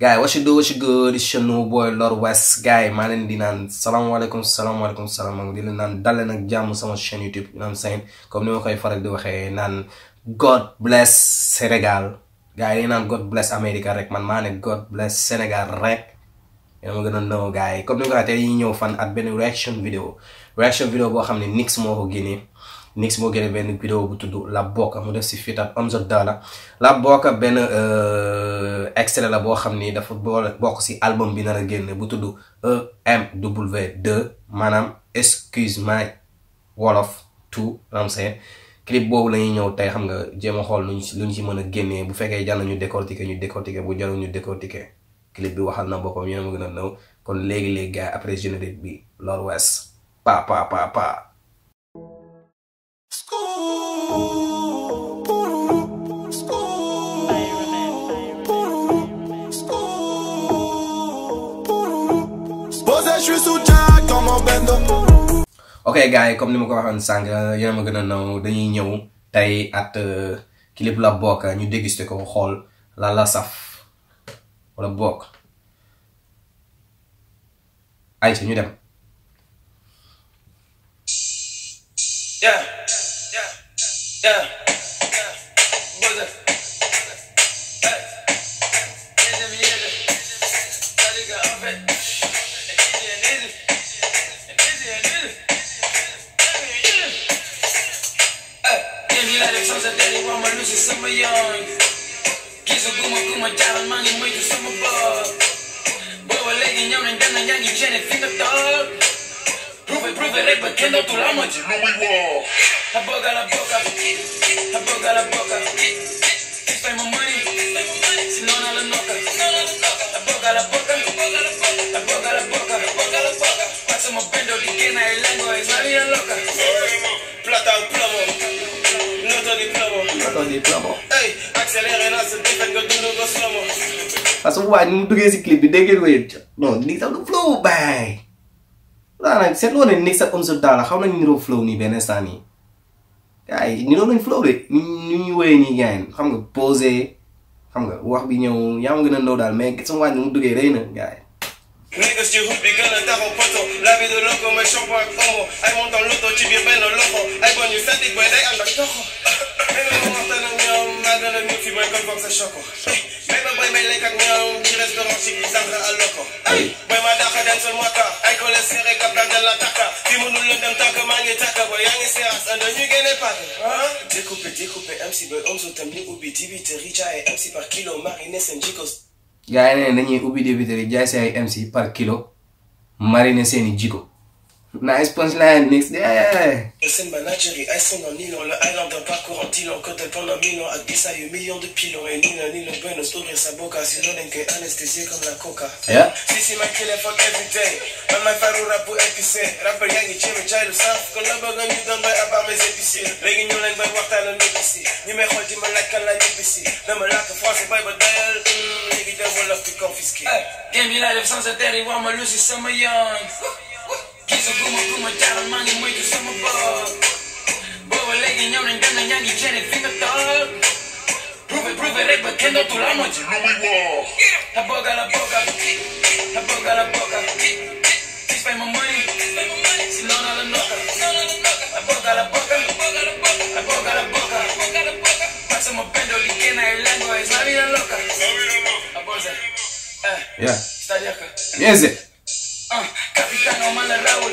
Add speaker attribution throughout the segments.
Speaker 1: gars yi what you do what you good it's your new West gars maa leen di naan salaamaaleykum salaamaaleykum salaamaaleykum di leen naan dale nag jàmm sama chaîne YouTube you know comme ni ma koy faral di waxee naan God bless senegal gars yi naan God bless America rek man maa ne God bless Sénégal rek yéen ma gën a nëw gars yi comme ni ma ko waxee tey ñëw fan at benn reaction vidéo reaction vidéo boo xam ne Nix moo ko génnee Nix moo génne benn vidéo bu tudd La Boca mu def si feat ak Omzo La Boca benn euh, extrait la boo xam ni dafa boole bokk si album bi nar a génn bu tudd EMW2 maanaam excuse wolof tout ramsey clip boobu la ñuy ñëw tey xam nga jéem a xool luñ si luñ si mën a génnee bu fekkee jàll ñu décortiquer ñu décortiquer bu jàll ñu décortiquer clip bi waxal na boppam yéen a ma gën a naw kon léegi-léegi gars après générique bi loolu wees pa pa pa pa ok gaa yi comme ni ma ko waxoon sànq yéen a gën a naw dañuy ñëw tey at clip euh, la bokk ñu déguster ko xool la la saf wala bokk ay ci ñu dem
Speaker 2: seen a thug. Prove it, prove it, rek ba kenn dootul amati lu muy woo. I bug out, I bug out, I bug out, I bug out. Keep spend my money, sinon I la knock out. I bug out, I bug out, I bug out, I bug out. Pasamos pendo, ligena, el lengo, es la vida loca. Plata o plomo, no otro diploma.
Speaker 1: attendez Flamand. que bu mu duggee si clip bi dégg ngeen ko yéen non Nigg sax du flow baay. daanaka seetloo ne sax comme xaw nañu niroo flow nii benn instant nii gars yi niroo flow de ni ñu ñu wooyee nii gars xam nga posé xam nga wax bi ñëw yaa ma gën a daal mais sama waa mu duggee rëy na Niggas, you hoop, bigger
Speaker 2: than Taro Poto. Lave the loco, my shop work
Speaker 1: homo. I want on lotto, chip your bend on loco. I want you static, but I am the coco. Maybe I'm not an young, mad on a new fee, my convox a choco. Maybe boy, my lake and
Speaker 2: young, the restaurant, she is Sandra a loco. Boy, my dark, I dance on Waka. I call a serre, Captain de la Taka.
Speaker 1: Timon, London, Taka, Mangi Taka, boy, Yang is here, and then you get a pattern. Découpé, découpé, MC, boy, Omzo, Tamni, Ubi, Dibi, Terricha, et MC par kilo, Marines, and Jicos. gaa yi ne dañuy ubbi débiteri jaay si ay MC par kilo mariner seeni jiko Nice punchline, next day. Send Manager et Iceland en île, le Island d'un parcours en île, en côte pendant mille ans, avec ça, un million de pilons, et ni l'un ni le Buenos Aires, sa boca, si l'on est anesthésié comme la coca. Yeah. This is my killer fuck every day. Même ma farou rap pour épicé, rapper yang et Jimmy Child, sauf qu'on a
Speaker 2: besoin de d'un bail à part mes épiciers. Les guignons, les bails, voir le négocie. Ni mes rôles, dis ma lac à la négocie. Non, ma lac français, bail, bordel, les guignons, voilà, plus confisqué. Game, il a le sens de terre, il voit ma lucie, c'est ma young. sa guma guma daal maa ngi moytu sama bopp booba léegi ñëw nañ dem na ñaa ngi jëne fi nga toog prouvé prouvé rek ba kenn dootul amati lu muy wax ta booga la booga ta booga la booga gis fay ma mari si noona la nooka ta booga la booga ta
Speaker 1: booga la booga pasa mo pendo li kena el lengo es la vida loca ta booga eh yeah mieze Uh, capitano manda Raoul,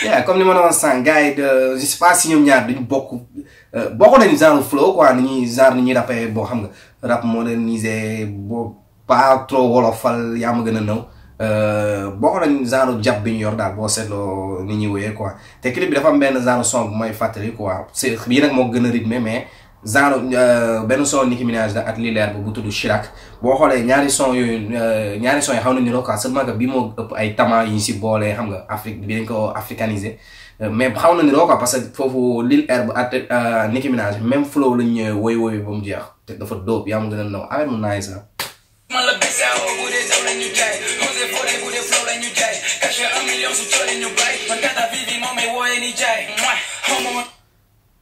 Speaker 1: yeah comme ni ma ne woon sànq gars yi de euh, je sais pas si ñoom ñaar duñ bokk euh, bokk nañu genre flow quoi ni ñuy genre ni ñuy rappé boo xam nga rap modernisé boo pas trop wolofal yaa ma gën a nëw euh, bokk nañ genre jàpp bi ñu yor daal boo seetloo ni ñuy woyee quoi te clip bi dafa am benn genre son bu may fàttali quoi nag moo gën a rythmé mais. genre euh, benn son Nicki Minaj la ak Lil Herb bu tudd Chirac boo xoolee ñaari son yooyu euh, ñaari son yi xaw na niroo quoi seulement que bi moo ëpp ay tama yi ñu si boolee xam nga Afrique bi dañ ko africanisé euh, mais xaw na niroo quoi parce que foofu Lil Herb ak Nicki Minaj même flow lañ ñëwee woy woy ba mu jeex te dafa dóob yaa mu gën a naw affaire mu naay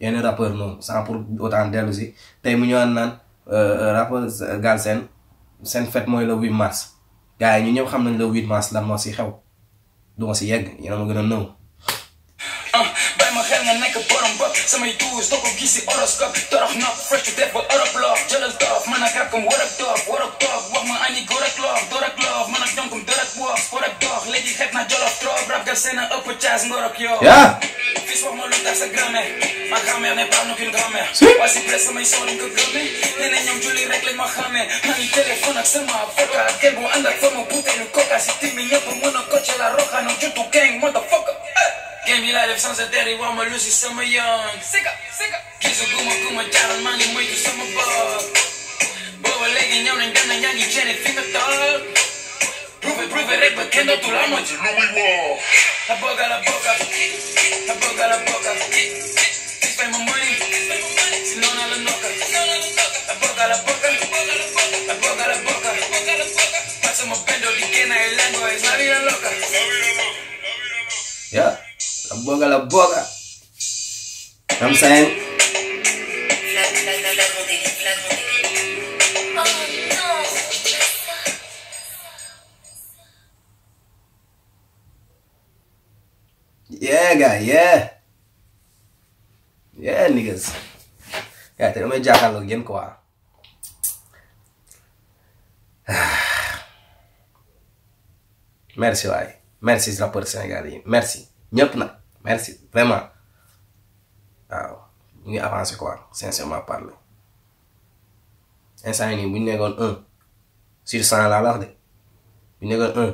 Speaker 1: yenn rappeur noonu sans pour autant dellu si tey mu ñëwaat naan euh, euh, rappeur Galsen seen fête mooy le 8 mars gars ñu ñëw xam nañ le 8 mars lan moo si xew du ma si yegg yéen a ma gën a nëw. Ah,
Speaker 2: xel nga nekk borom bopp samay duus doo ko gis si horoscope torox nopp feccu def ba Europe loof jëlal wax ma ani góor ak loof door man ak jonkum dor ak woof war ak doox léegi xet na jolof trop rab gal seen a ëpp caas ngor yoo fils wax ma lu tax sa grand-mère ma grand-mère n'est pas qu'une grand-mère waa si presse samay soor nga gëmee nee na ñoom julli rek lañ ma xamee maa ngi téléphone a sama avocat gel bu ànd ak sama butéelu coca si timi ñëpp mën a coaché la roxaanu juddu gang motherfucker game yi laa def sans intérêt wax ma lu si sama yoon sika sika gisu guma guma jaaral maa ngi moytu sama bopp booba léegi ñëw nañ gën a ñaa ngi rek ba kenn dootul amati lu muy woo. a boga la boga a boga la boga this my money si noona la noka a boga la boga a boga la boga pasamos pendo ligena el lengo es la vida loca.
Speaker 1: yeah a boga la boga. You know what I'm saying.
Speaker 2: Oh, no.
Speaker 1: Yeah, guy. Yeah. Yeah, niggas. Yeah, tey damay jàkkaarloo ak yéen quoi. merci waay merci rappeur Sénégal yi merci ñëpp nag merci vraiment waaw ñu ngi avancé quoi sincèrement parler instant yii nii bu ñu nekkoon un sur cent laa la de bu ñu nekkoon un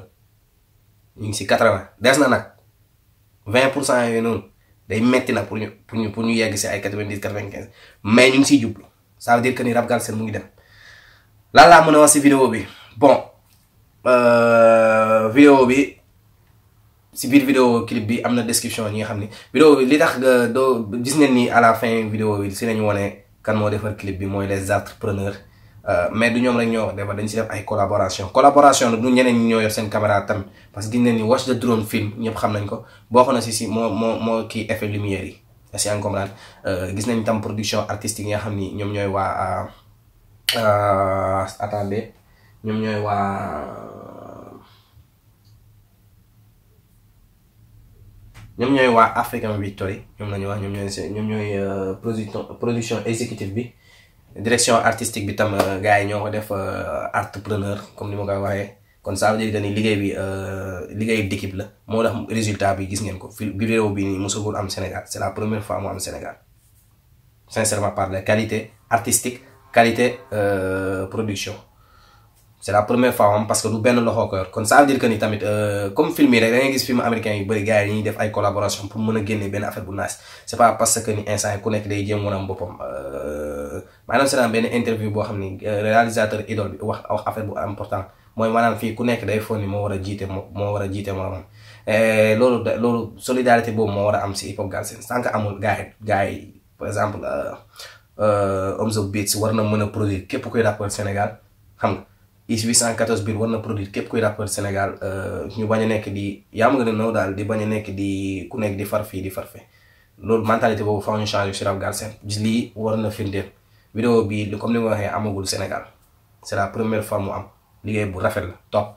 Speaker 1: ñu ngi si quatre-vingt des na nag. vingt pour cent yooyu noonu day metti pour ñu pour ñu pour ñu yegg si ay quatre vingt dix quatre vingt quinze mais ñu ngi siy jublu ça veut dire que ni rap galsen mu ngi dem lan laa mën a wax si vidéo bi bon euh, vidéo bi si biir vidéo clip bi am na description ñi nga xam ni vidéo bi li tax doo gis ngeen ni à la fin vidéo bi si nañu wone kan moo defar clip bi mooy les entrepreneurs Euh, mais du ñoom rek ñoo wax dañ si ay collaboration collaboration nag du ñeneen ñi ñoo yor seen que ni watch the drone film ñëpp xam nañ ko bokk na si si moo moo moo kii effet lumière yi si en euh, gis nañ tam production artistique yi nga xam ni ñoom ñooy waa euh, attendez ñoom ñooy waa ñoom ñooy waa African Victory ñoom la ñuy wax ñoom ñooy ñoom ñooy production exécutive bi direction artistique bi tam euh, gars yi ñoo ko def euh, entrepreneur comme ni ma koy waxee kon ça veut dire que ni liggéey bi euh, liggéey d'équipe la moo tax résultat bi gis ngeen ko fi vidéo bi nii mosagul am Sénégal c'est la première fois mu am Sénégal sincèrement parler qualité artistique qualité production c'est la première fois am parce que du benn loxoo ko yor kon ça veut dire que ni tamit comme film yi rek da gis film américain yu bëri gars yi ñuy def ay collaboration pour mën a génne benn affaire que ni instant yi ku nekk day jéem woon am maanaam seetaan benn interview boo xam ni euh, réalisateur idole bi wax wax affaire bu important mooy maanaam fii ku nekk day foog moo war a jiite moo moo a jiite moom euh, loolu da loolu solidarité boobu moo war a am si hip hop Galsen sànq amul gars yi gars yi par exemple euh, Omzo Beats war na mën a produire képp kuy rappeur Sénégal xam nga IS 814 biir war na produire képp kuy rappeur Sénégal ñu bañ nekk di yaa a nëw daal di bañ a nekk di ku nekk di far fii di far fee loolu mentalité boobu faaw ñu changer si rap Galsen war na firndeel. vidéo bii li comme ni ma waxee amagul Sénégal c'est la première fois mu am liggéey bu rafet la topp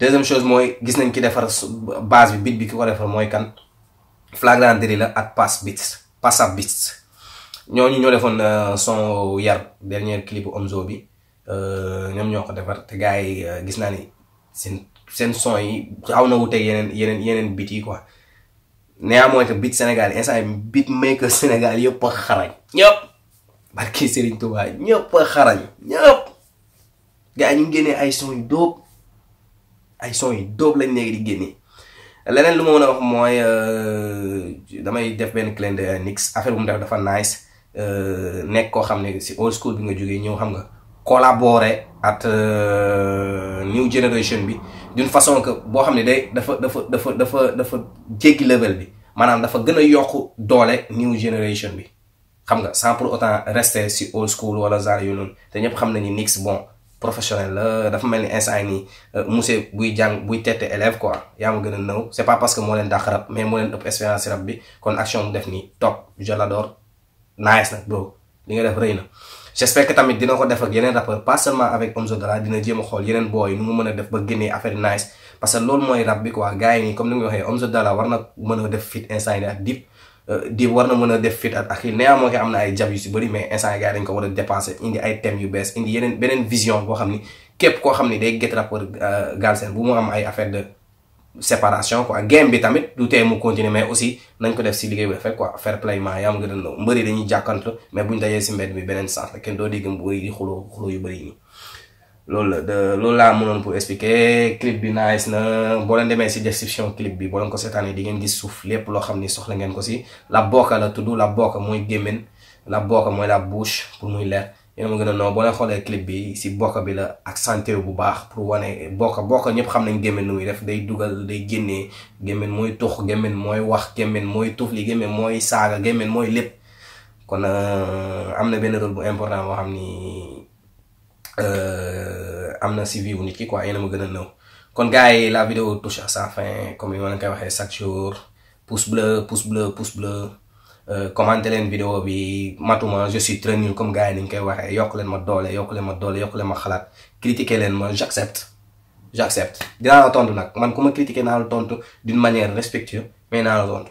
Speaker 1: deuxième chose mooy gis nañ ki defar base bi bit bi ki ko defar mooy kan Flagrant Délit la ak Pass Beats Passa Beats ñooñu ñoo defoon euh, son yar dernier clip Omzo bi euh, ñoom ñoo ko defar te gars yi euh, gis naa ni seen seen son yi xaw na wuteeg yeneen yeneen yeneen bit yi quoi néanmoins que bit Sénégal instant bit maker Sénégal yëpp a xarañ ñëpp. barke Serigne Touba ñëpp a xarañ ñëpp gars yi ñu ngi génnee ay son yu dóob ay son yu dóob lañ nekk di génnee leneen lu ma mën a wax mooy euh, damay def benn clin d'œil nix affaire bu mu def dafa nice euh, nekk koo xam ne si old school bi nga jógee ñëw xam nga collaborer ak euh, new generation bi d'une façon que boo xam ne day dafa dafa dafa dafa dafa jéggi level bi maanaam dafa gën a yokk doole new generation bi. xam nga sans pour autant rester si old school wala genre yu noonu te ñëpp xam nañu Knicks bon professionnel la dafa mel ni instant yi nii euh, monsieur buy jàng buy tette élève quoi yaa ma gën a nëw c'est pas parce que moo leen dàq rab mais moo leen ëpp expérience rab bi kon action mu nga def rëy na. j'espère que tamit dina ko def yeneen rappeur pas seulement avec Omzo Dollar dina jéem a xool yeneen booy nu mu mën a def ba génnee affaire nice parce que loolu mooy rab bi quoi gars yi nii comme ni nga waxee Omzo a def fit instant di war na mën a def fit ak moo néanmoins am na ay jab yu si bëri mais instant yi gars dañ ko war a dépasser indi ay thèmes yu bees indi yeneen beneen vision boo xam ni képp koo xam ni day get rapport euh, Galsen bu mu am ay affaire de séparation quoi game bi tamit du tee mu continuer mais aussi nañ ko def si liggéey bu rafet quoi fair play maa yaa am nga doon dañuy jàkkaante mais buñ dajee si mbedd mi beneen sens la kenn doo dégg mbëri di xuloo yu bëri nii. loolu la loolu laa mënoon pour expliquer clip bi nice na boo leen demee si description clip bi boo leen ko seetaanee di ngeen gis suuf lépp loo xam ni soxla ngeen ko si la bokka la tudd la bokka mooy gémmiñ la bokka mooy la bouche pour muy leer yéen ma gën a non boo leen xoolee clip bi si bokka bi la accentué bu baax pour wane bokka bokka ñëpp xam nañ gémmiñ lu muy def day dugal day génnee gémmiñ mooy tux gémmiñ mooy wax gémmiñ mooy tufli gémmiñ mooy saaga gémmiñ mooy lépp kon euh, am na benn rôle bu important boo xam ni Euh, am na si vie wu nit ki quoi yéen a ma gën a nëw kon gars yi la vidéo touche à sa fin comme ni ma leen koy waxee chaque jour pouce bleu pouce bleu pouce bleu euh, commenter leen vidéo bi matuma je suis très nul comme gars yi ni ñu koy waxee yokk leen ma doole yokk leen ma doole yokk leen ma xalaat critiquer leen ma j'accepte j'accepte dinaa la tontu nag man ku ma critiquer naa la tontu d'une manière respectueuse mais naa la tontu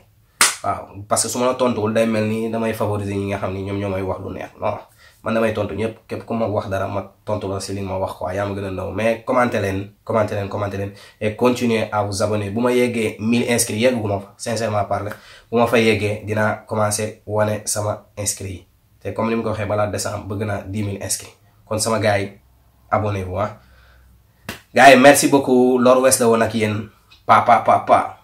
Speaker 1: waaw parce que su ma la tontuwul mel ni damay favoriser ñi nga xam ni ñoom ñoo wax lu neex non. man damay tontu ñëpp képp ku ma wax dara ma tontu la si li ma wax quoi yaa ma gën a ndaw mais commenté leen commenté leen commenté leen bu ma yeggee 1000 inscrits yeggu ma fa sincèrement parler bu ma fa yeggee dinaa commencé wane sama inscrits yi te comme ni mu ko waxee balaa décembre bëgg naa 10 000 inscrits kon sama gars yi abonnez-vous ah gars yi merci beaucoup Lor Wes la woon ak yéen pa pa